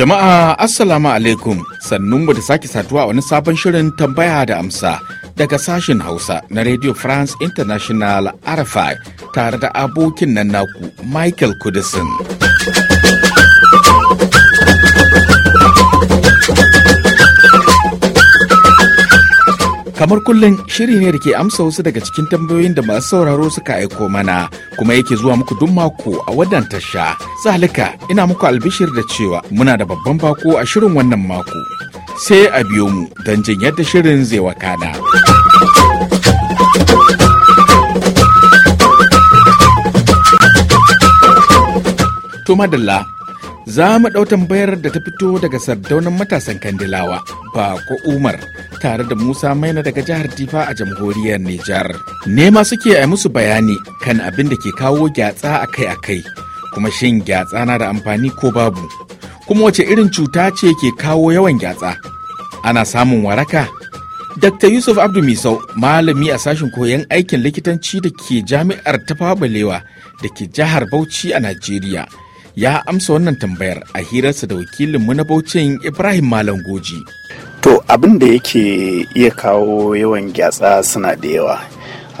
Jama'a Assalamu alaikum sannun mu da sake saduwa wani sabon shirin tambaya da amsa daga sashen Hausa na Radio France International RFI tare da abokin nan naku Michael Kudisin. kamar kullum shiri ne da ke amsa wasu daga cikin tambayoyin da masu sauraro suka aiko mana kuma yake zuwa muku duk mako a wannan tasha zalika ina muku albishir da cewa muna da babban bako a shirin wannan mako sai a biyo mu don jin yadda shirin zai wakana. To madalla za mu ɗau tambayar da ta fito daga sardaunan matasan kandilawa bako umar tare da musa maina daga jihar difa a jamhuriyar nijar nema suke a musu bayani kan abin da ke kawo gyatsa akai-akai kuma shin gyatsa na da amfani ko babu kuma wace irin cuta ce ke kawo yawan gyatsa ana samun waraka Dr. Yusuf Abdu Misau, malami a sashen koyon aikin likitanci da ke jami'ar ta Balewa da ke jihar Bauchi a Najeriya, ya amsa wannan tambayar a hirarsa da wakilinmu na Bauchin Ibrahim Malam Goji. To abin da yake iya kawo yawan gyatsa suna da yawa.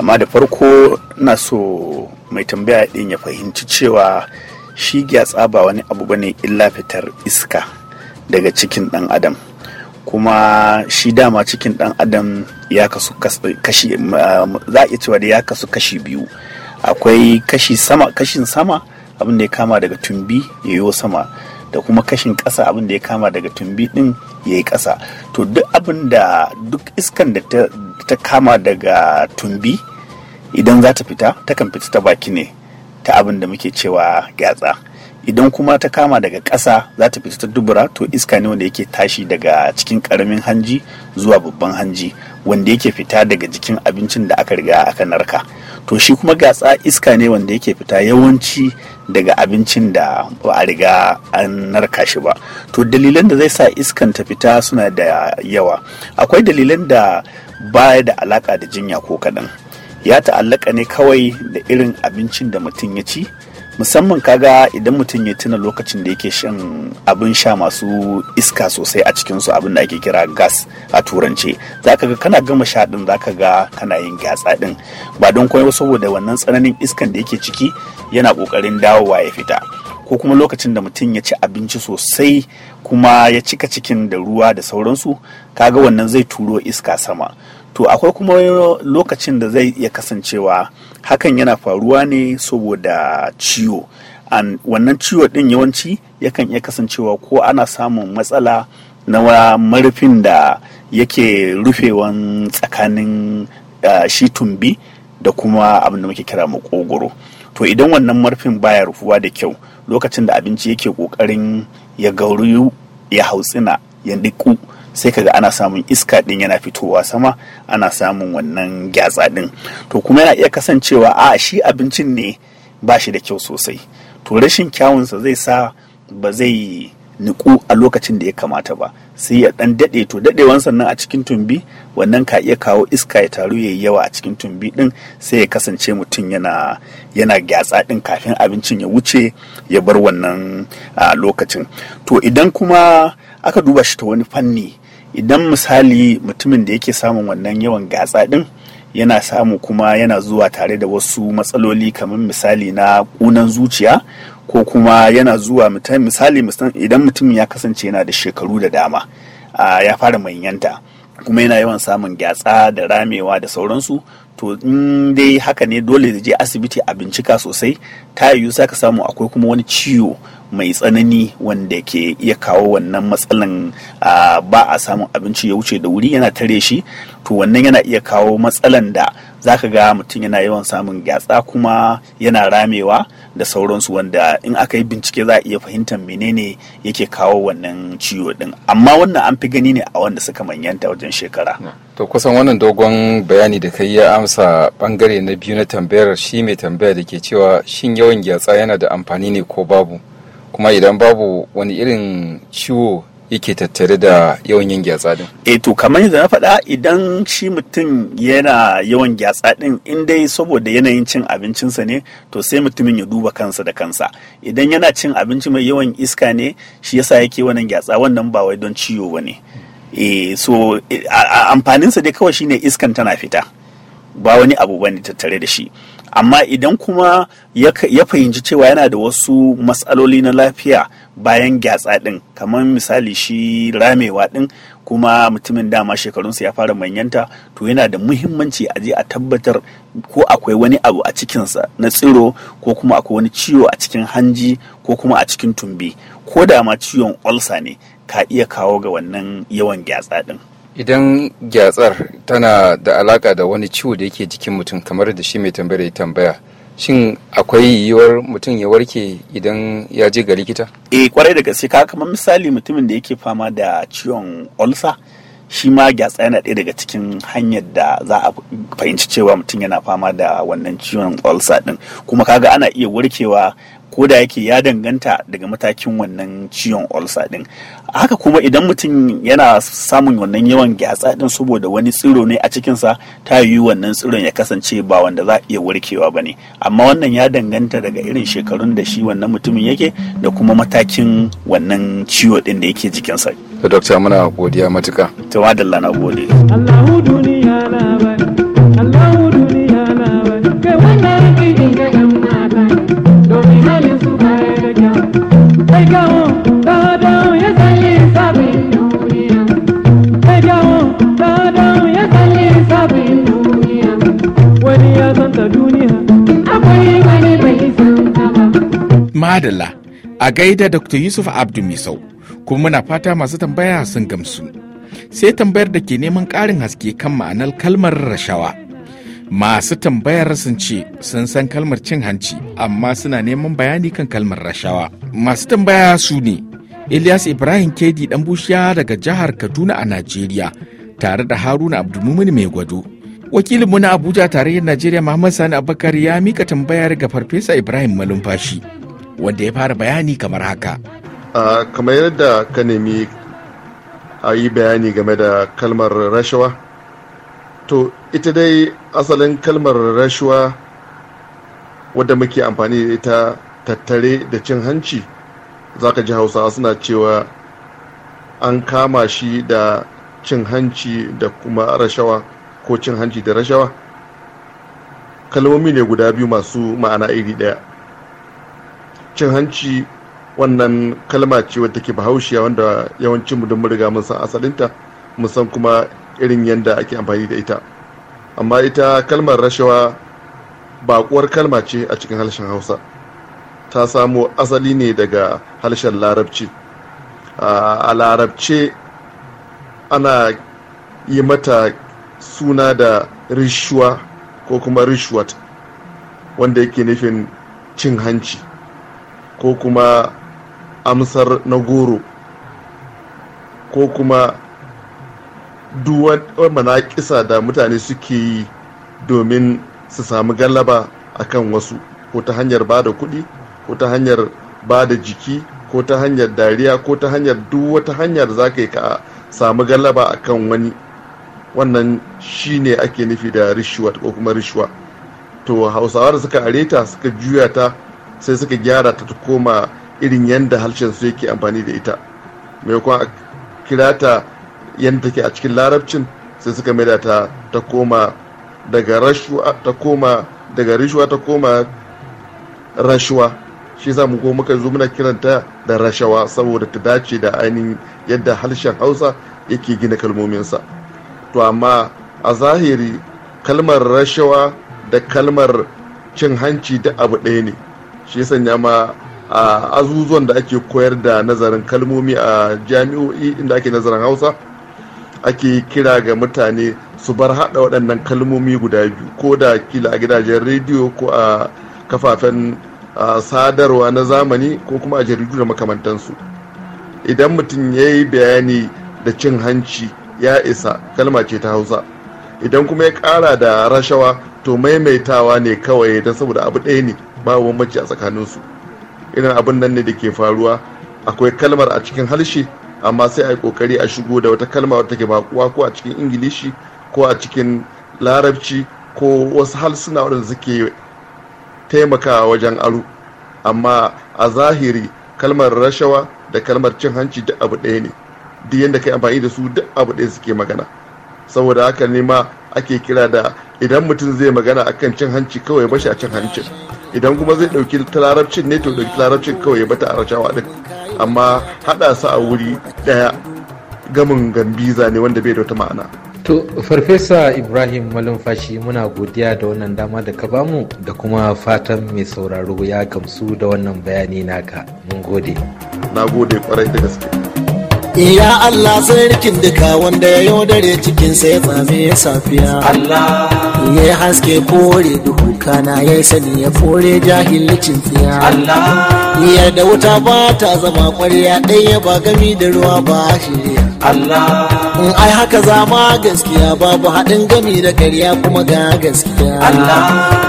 Amma da farko na so mai tambaya ɗin ya fahimci cewa shi gyatsa ba wani abu bane illa fitar iska daga cikin dan adam. kuma shi dama cikin dan adam ya kasu kashi za a iya cewa da ya kasu kashi biyu akwai kashi kashin sama abin da ya kama daga tumbi ya yi sama da kuma kashin ƙasa abin da ya kama daga tumbi ɗin ya yi ƙasa to duk abin da duk iskan da ta kama daga tumbi idan za ta fita takan fita ta baki ne ta abin da muke cewa gyatsa idan kuma ta kama daga ƙasa za ta fita ta dubura to iska ne wanda yake tashi daga cikin ƙaramin hanji zuwa babban hanji wanda yake fita daga jikin abincin da aka riga aka narka to shi kuma gatsa iska ne wanda yake fita yawanci daga abincin da ba a riga an narka shi ba to dalilan da zai sa iskan ta fita suna da yawa akwai dalilan da baya da alaka da jinya ko kaɗan ya ta'allaka ne kawai da irin abincin da mutum ya ci musamman kaga idan mutum ya tuna lokacin da yake shan abin sha masu iska sosai a cikin su abin da ake kira gas a turance zaka ga kana gama sha din zaka ga kana yin gatsa din ba don komai saboda wannan tsananin iskan da yake ciki yana kokarin dawowa ya fita ko kuma lokacin da mutum ya ci abinci sosai kuma ya cika cikin da ruwa da sauransu kaga wannan zai turo iska sama to akwai kuma lokacin da zai iya kasancewa hakan yana faruwa ne saboda ciwo wannan ciwo ɗin yawanci yakan iya kasancewa ko ana samun matsala na marufin da yake rufewan tsakanin shi tumbi da kuma abin da muke kira makogoro to idan wannan marfin baya rufuwa da kyau lokacin da abinci yake kokarin ya gauri ya hautsina ya niku sai kaga ana samun iska din yana fitowa sama ana samun wannan gyatsa din to kuma yana iya kasancewa a shi abincin ne ba shi da kyau sosai to rashin kyawunsa zai sa ba zai niku a lokacin da ya kamata ba sai ya dan dade to dadewan nan a cikin tumbi wannan ka iya kawo iska ya taru yayi yawa a cikin tumbi din sai ya kasance mutum yana yana gyatsa din kafin abincin ya wuce ya bar wannan lokacin to idan kuma aka duba shi ta wani fanni idan misali mutumin da yake samun wannan yawan gatsa din yana samu kuma yana zuwa tare da wasu matsaloli kamar misali na ƙunan zuciya ko kuma yana zuwa misali idan mutumin ya kasance yana da shekaru da dama ya fara manyanta kuma yana yawan samun gyatsa da ramewa da sauransu to in dai haka ne dole da je asibiti a bincika sosai ta yiwu ka samu akwai kuma wani ciwo mai tsanani wanda ke iya kawo wannan matsalan ba a samun abinci ya wuce da wuri yana tare shi to wannan yana iya kawo matsalan da za ka ga mutum yana yawan samun gyatsa kuma yana ramewa da sauransu wanda in aka yi bincike za a iya fahimtar menene yake kawo wannan ciwo din amma wannan an fi gani ne a wanda suka manyanta wajen shekara. to kusan wannan dogon bayani da kai ya amsa bangare na biyu na tambayar shi mai tambaya da ke cewa shin yawan gyatsa yana da amfani ne ko babu kuma idan babu wani irin ciwo yake tattare da yawan yin gyatsa din. E to kamar yadda na faɗa idan shi mutum yana yawan gyatsa din in dai saboda yanayin cin abincinsa ne to sai mutumin ya duba kansa da kansa. Idan yana cin abinci mai yawan iska ne shi yasa yake wannan gyatsa wannan ba wai don ciwo ba ne. e so eh, amfaninsa dai kawai shine iskan tana fita ba wani abu bane tattare da shi amma idan kuma ya fahimci cewa yana da wasu matsaloli na lafiya bayan gyatsa ɗin kamar misali shi ramewa ɗin kuma mutumin dama shekarunsa ya fara manyanta to yana da muhimmanci a je a tabbatar ko akwai wani abu a cikinsa na tsiro ko kuma akwai wani ciwo a cikin hanji ko kuma a cikin tumbi ko da ma ciwon olsa ne ka iya kawo ga wannan yawan gyatsa din idan gyatsar tana da alaka da wani ciwo da yake jikin mutum kamar da shi mai tambaya ya tambaya shin akwai yiwuwar mutum ya warke idan ya je ga likita eh kwarai da gaske ka kamar misali mutumin da yake fama da ciwon olsa shi ma gyatsa yana ɗaya daga cikin hanyar da za a fahimci cewa mutum yana fama da wannan ciwon olsa ɗin kuma kaga ana iya warkewa ko da yake ya danganta daga matakin wannan ciwon ulcer din haka kuma idan mutum yana samun wannan yawan gyatsa din saboda wani tsiro ne a cikinsa ta yi wannan tsiron ya kasance ba wanda za a iya warkewa ba ne amma wannan ya danganta daga irin shekarun da shi wannan mutumin yake da kuma matakin wannan ciwo din da yake jikinsa da dokta muna godiya matuka to na gode Allahu duniya na bani Madalla a gaida Dr. Yusuf Abdu Misau kuma muna fata masu tambaya sun gamsu. Sai tambayar da ke neman ƙarin haske kan ma'anar kalmar rashawa. masu tambayar sun ce sun san kalmar cin hanci amma suna neman bayani kan kalmar rashawa masu tambaya su ne ilyas ibrahim kedi dan bushiya daga jihar kaduna a najeriya tare da haruna abdulmumin mai gwado wakilinmu na abuja tarayyar najeriya muhammad sani abubakar ya mika tambayar ga farfesa ibrahim malumfashi wanda ya fara bayani kamar haka kamar yadda ka nemi a yi bayani game da kalmar rashawa to ita dai asalin kalmar rashuwa wadda muke amfani da ita tattare da cin hanci zaka ji hausawa suna cewa an kama shi da cin hanci da kuma rashawa ko cin hanci da rashawa kalmomi ne guda biyu masu ma'ana iri ɗaya cin hanci wannan kalma ce wadda take bahaushiya wanda yawancin mu mun riga mun san asalinta mun san kuma irin yadda ake amfani da ita amma ita kalmar rashawa bakuwar kalma ce a cikin harshen hausa ta samo asali ne daga harshen larabci a larabce ana yi mata suna da rishuwa ko kuma rishwat wanda yake nufin cin hanci ko kuma amsar na goro ko kuma mana manakisa da mutane suke yi domin su sami galaba kan wasu ko ta hanyar ba da kuɗi ko ta hanyar ba da jiki ko ta hanyar dariya ko ta hanyar duk wata hanyar za ka yi ka samu galaba kan wani wannan shi shine ake nufi da rishuwa ko kuma rishuwa to hausawa da suka areta suka juya ta sai suka gyara ta ta koma irin yadda harshen su yake amfani da ita maimakon a kira ta yadda take a cikin larabcin sai suka maida ta ta koma daga rashuwa ta koma daga rashuwa shi za mu go muka zo muna kiranta da rashawa saboda ta dace da ainihin yadda harshen hausa yake gina kalmominsa to amma a zahiri kalmar rashawa da kalmar cin hanci da abu ɗaya ne shi sanya ma a azuzuwan da ake koyar da nazarin kalmomi a jami'o'i inda ake nazarin hausa ake kira ga mutane su bar haɗa waɗannan kalmomi guda biyu ko da kila a gidajen rediyo ko a kafafen sadarwa na zamani ko kuma a jaridu da makamantansu idan mutum ya yi bayani da cin hanci ya isa kalma ce ta hausa idan kuma ya ƙara da rashawa to maimaitawa ne kawai don saboda abu ɗaya ne babu bambanci a tsakaninsu irin abin nan ne da ke faruwa akwai kalmar a cikin harshe amma sai a yi kokari a shigo da wata kalma wata ke bakuwa ko a cikin ingilishi ko a cikin larabci ko wasu halsuna wadanda suke taimakawa wajen aro amma a zahiri kalmar rashawa da kalmar cin hanci duk abu ɗaya ne duk yadda kai amfani da su duk abu ɗaya suke magana saboda haka ne ma ake kira da idan mutum zai magana akan cin hanci kawai bashi a cin hancin idan kuma zai ɗauki larabcin ne to ɗauki larabcin kawai bata a rashawa ɗin amma haɗa su a wuri ɗaya gamin gambiza ne wanda bai da wata ma'ana To Farfesa Ibrahim Malumfashi muna godiya da wannan dama da ka bamu da kuma fatan mai sauraro ya gamsu da wannan bayani naka. Mun gode. Na gode kwarai da gaske. Ya Allah sarkin duka wanda ya yaudare cikin sai tsami ya safiya. Allah. ya haske kore duhu na ya sani ya kore jahilcin tsiya Allah ya da wuta ba ta zama kwarya ɗaya ba gami da ruwa ba shirya Allah in ai haka zama gaskiya babu haɗin gami da ƙarya kuma ga gaskiya Allah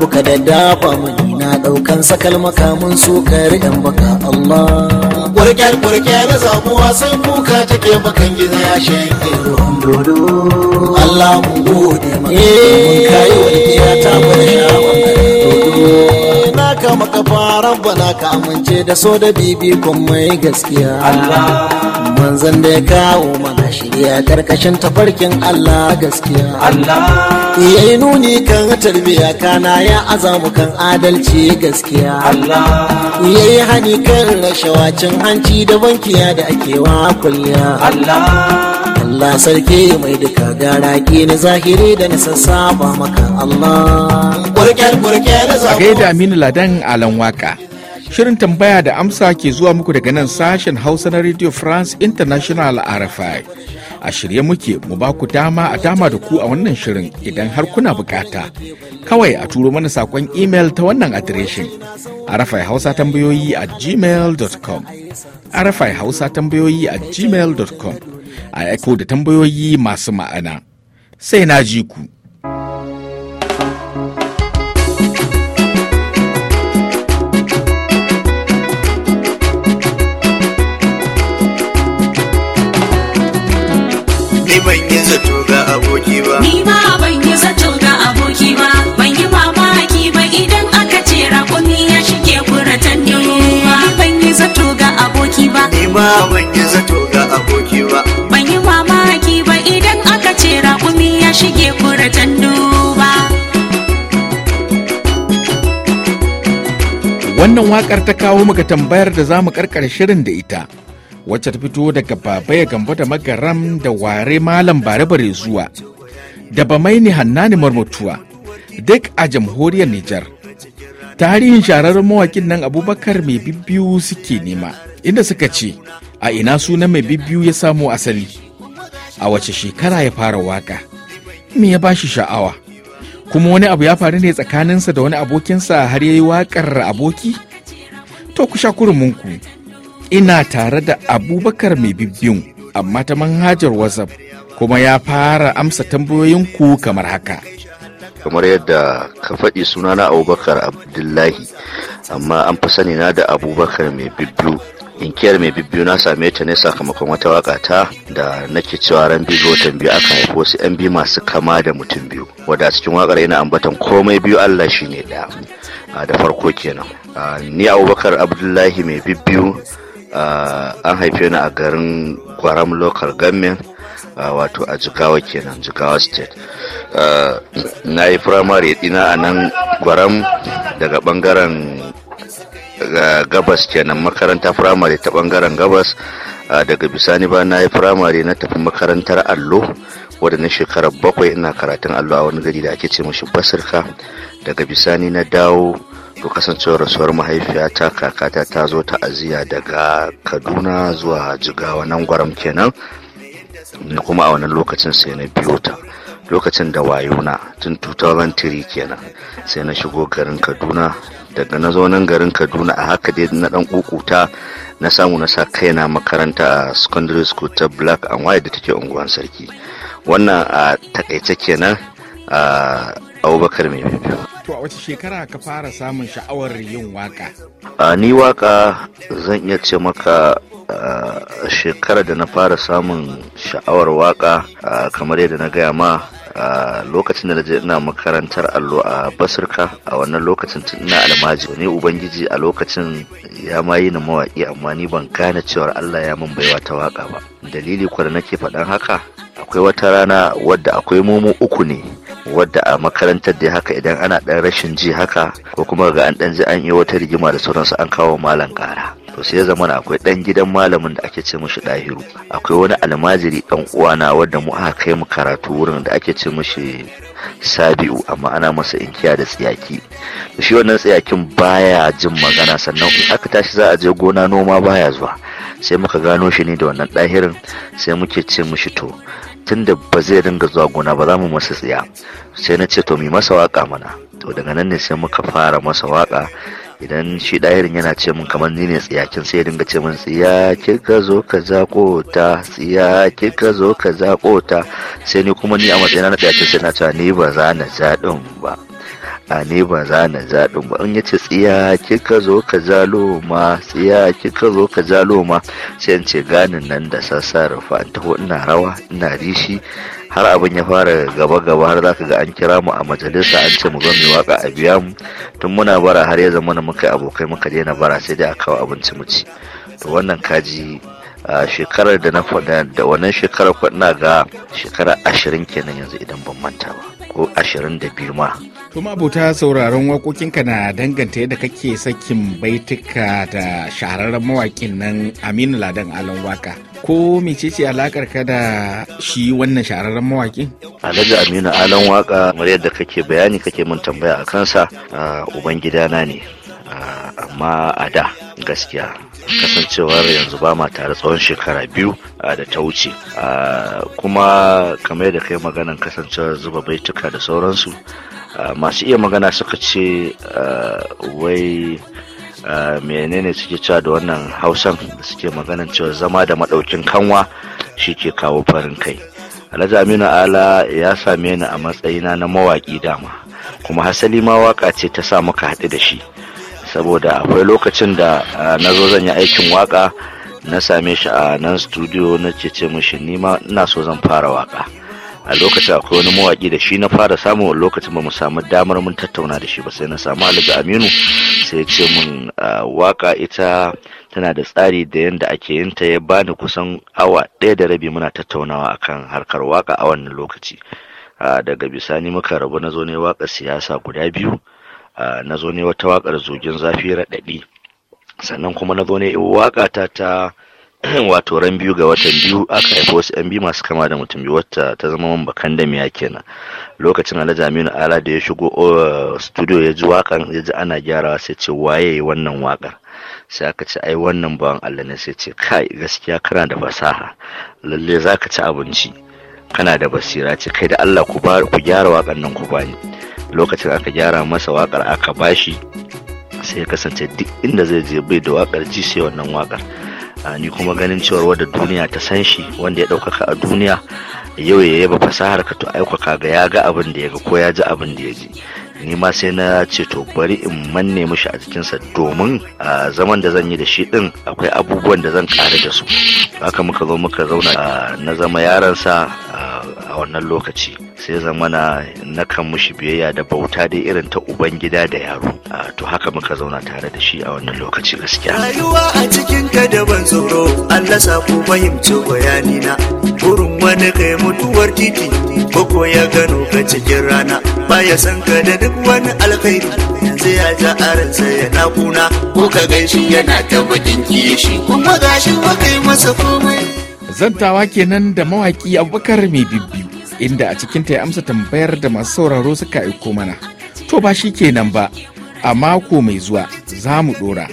Ku ka da dafa mun na daukan sakal makamin su kare yan baka Allah kurkyar kurkyar zamuwa sai kuka take bakan gida ya shege ruwan dodo Allah mu gode maka mun kai wani ta mu da ka maka fara bana ka amince da so da bibi kun mai gaskiya Allah manzan da ya kawo mana shirya karkashin tafarkin Allah gaskiya Allah yayi nuni kan tarbiya kana ya azamu kan adalci gaskiya Allah yayi hani kan rashawa cin hanci da bankiya da ake wa kulliya Allah Allah sarki mai duka gara ki na zahiri da na ba maka Allah A gaida Aminu Ladan Alan Waka. Shirin tambaya da amsa ke zuwa muku daga nan sashen Hausa na Radio France International RFI. A shirye muke mu ba ku dama a dama da ku a wannan shirin idan har kuna bukata. Kawai a turo mana sakon email ta wannan adireshin. RFI Hausa tambayoyi a gmail.com. RFI Hausa tambayoyi a gmail.com. A echo da tambayoyi masu ma'ana. Sai na ji ku. ni ban yi zato ga aboki ba ni ma ban yi zato ga aboki ba ban yi mamaki ba idan aka ce rakumi ya shige kuratan da ruwa ban yi zato ga aboki ba ni ma ban yi zato ga aboki ba ban yi mamaki ba idan aka ce rakumi ya shige kuratan duba wannan wakar ta kawo muka tambayar da za mu karkar shirin da ita wacce ta fito daga Baba Ya gamba da magaram da ware malam bare bare zuwa da ni hannani marmatuwa duk a jamhuriyar Nijar. Tarihin shahararren mawakin nan abubakar mai bibbiyu suke nema inda suka ce a ina sunan mai bibbiyu ya samo asali a wace shekara ya fara waka me ya bashi sha'awa kuma wani abu ya faru ne tsakaninsa da wani abokinsa har ya yi waƙar aboki to ku sha kurminku ina tare da abubakar mai bibbin amma ta manhajar whatsapp kuma ya fara amsa tambayoyin ku kamar haka kamar yadda ka faɗi sunana abubakar abdullahi amma an fi sani na da abubakar mai bibbiyu inkiyar mai bibbiyu na same ta ne sakamakon wata waka ta da nake cewa ran biyu ga watan biyu aka haifi wasu yan biyu masu kama da mutum biyu wadda a cikin wakar ina ambatan komai biyu allah shine ɗaya da farko kenan ni abubakar abdullahi mai bibbiyu Ah, an haife ni a garin gwaram local government ah, wato a jigawa kenan jigawa state ah, na yi firamare dina a nan gwaram daga bangaren gabas kenan makaranta firamare ta bangaren gabas daga bisani ba na yi firamare na tafi makarantar allo wadda na shekarar bakwai ina karatun allo a wani gari da ake ce mashi basirka daga bisani na dawo to kasancewar rasuwar mahaifiyata kakata ta zo ta aziya daga kaduna zuwa jigawa nan gwaram kenan kuma a wannan lokacin sai na biyo ta lokacin da wayona tun 2003 kenan sai na shigo garin kaduna daga na zaunan garin kaduna a haka dai na dan kukuta na samu na sa kaina makaranta a secondary school ta black and white da take unguwan sarki wannan a takaice kenan a abubakar mai biyu to a wace shekara ka fara samun sha'awar yin waka a ni waka zan iya ce maka shekarar da na fara samun sha'awar waka kamar yadda na gaya ma a lokacin da je ina makarantar allo a basirka a wannan lokacin tun ina almaji ne ubangiji a lokacin ya ma yi ni mawaƙi amma ni ban gane cewar allah ya mun baiwa ta waka ba dalili kwa da nake faɗan haka akwai wata rana wadda akwai momo uku ne wadda a makarantar da haka idan ana ɗan rashin ji haka ko kuma ga an dan ji an yi wata rigima da sauransu an kawo malam kara to sai zama akwai ɗan gidan malamin da ake ce mushi ɗahiru. akwai wani almajiri dan uwana wadda mu aka kai mu karatu wurin da ake ce mushi sabiu amma ana masa inkiya da tsiyaki shi wannan tsiyakin baya jin magana sannan aka tashi za a je gona noma baya zuwa sai muka gano shi ne da wannan ɗahirin sai muke ce mushi to tunda ba zai dinga zuwa gona ba za mu masa tsaya sai na ce to mi masa waka mana to daga nan ne sai muka fara masa waka idan shi ɗahirin yana ce min kamar ni ne tsiyakin sai ya dinga ce min tsiya kika zo ka zako ta tsiya kika zo ka zako sai ni kuma ni a matsayina na tsiyakin sai na cewa ni ba za na ja ba a ne ba za na zaɗin ba in ya ce tsiya kika zo ka zalo ma tsiya kika zo ka zalo ma sai in ce ganin nan da sassa rufa taho ina rawa ina rishi har abin ya fara gaba gaba har zaka ga an kira mu a majalisa an ce mu zo mu waka a biya mu tun muna bara har ya zama na muka abokai muka daina bara sai dai a kawo abinci mu ci to wannan kaji a shekarar da na faɗa da wannan shekarar ina ga shekara ashirin kenan yanzu idan ban manta ba ko 22 ma. Tuma abota sauraron waƙoƙinka na danganta yadda kake sakin baituka da shahararren mawaƙin nan Aminu Ladan Alon Waka. Ko mecece alakar ka da shi wannan shahararren mawaƙin? Alhaji Aminu Alon Waka kamar yadda kake bayani kake mun tambaya a kansa Ubangidana ne amma a da gaskiya kasancewar yanzu ba ma tare tsawon shekara biyu da ta wuce kuma kamar da kai maganan kasancewar zuba baituka da sauransu masu iya magana suka ce wai menene suke cewa da wannan hausan da suke maganan cewa zama da maɗaukin kanwa shi ke kawo farin kai alhaji aminu ala ya same ni a matsayina na mawaƙi dama kuma hasali ma waka ce ta sa muka haɗu da shi saboda akwai lokacin da na zo zan yi aikin waka na same shi a nan studio na cece mashi nima ina so zan fara waka a lokacin akwai wani mawaki da shi na fara samu lokacin ba mu samu damar mun tattauna da shi ba sai na samu alga aminu sai ce mun waka ita tana da tsari da yadda ake yin ta ya bani kusan awa ɗaya da rabi muna tattaunawa akan harkar waka a wannan lokaci daga bisani muka rabu na zo ne waka siyasa guda biyu Ah, na zo ne wata wakar zogin zafi raɗaɗi sannan kuma na zo ne waka ta ta wato ran biyu ga watan biyu aka haifi wasu yan biyu masu kama da mutum biyu wata ta zama man bakan da miya kenan lokacin alhaji aminu ala da ya shigo oh, studio ya ji wakan ya ji ana gyarawa sai ce waye wannan wakar sai aka ce ai wannan bawan allah ne sai ce kai gaskiya kana da fasaha lalle ka ci abinci kana da basira ce kai da allah ku gyara wakan nan ku bani lokacin aka gyara masa wakar aka bashi sai ya kasance duk inda zai je bai da wakar ji sai wannan wakar ni kuma ganin cewar wadda duniya ta san shi wanda ya ɗaukaka a duniya yau ya yaba fasahar ka to aikaka ga ya ga abin da ya ga ko ya ji abin da ya ji ni ma sai na ce to bari in manne mishi a jikinsa domin a zaman da zan yi da shi din akwai abubuwan da zan kare da su haka muka zo muka zauna na zama yaransa a wannan lokaci sai zamana na kan mushi biyayya da bauta dai irin ta uban gida da yaro to haka muka zauna tare da shi a wannan lokaci gaskiya rayuwa a cikin ka da ban tsoro Allah sa ku fahimci bayani na burin wani kai mutuwar titi ko ya gano ka cikin rana baya san ka da duk wani alkhairi yanzu ya ja aransa ya kuna ko ka gaishe yana ta bakin kishi kuma gashin wa kai masa komai zantawa kenan da mawaki abubakar mai bibbiyu inda a cikinta ya amsa tambayar da masu sauraro suka aiko mana to ba shi kenan ba a mako mai zuwa za mu dora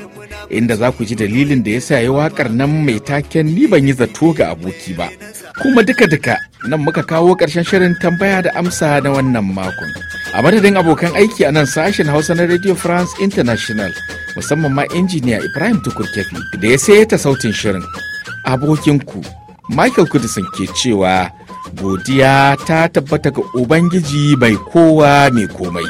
inda za ku ji dalilin da ya sa ya wakar nan mai taken ni ban yi zato ga aboki ba kuma duka-duka nan muka kawo ƙarshen shirin tambaya da amsa na wannan makon a madadin abokan aiki a nan sashen hausa na radio france international musamman ma injiniya ibrahim tukurkefi da ya sayar ta sautin shirin abokinku michael kudisin ke cewa godiya ta tabbata ga ubangiji mai kowa mai komai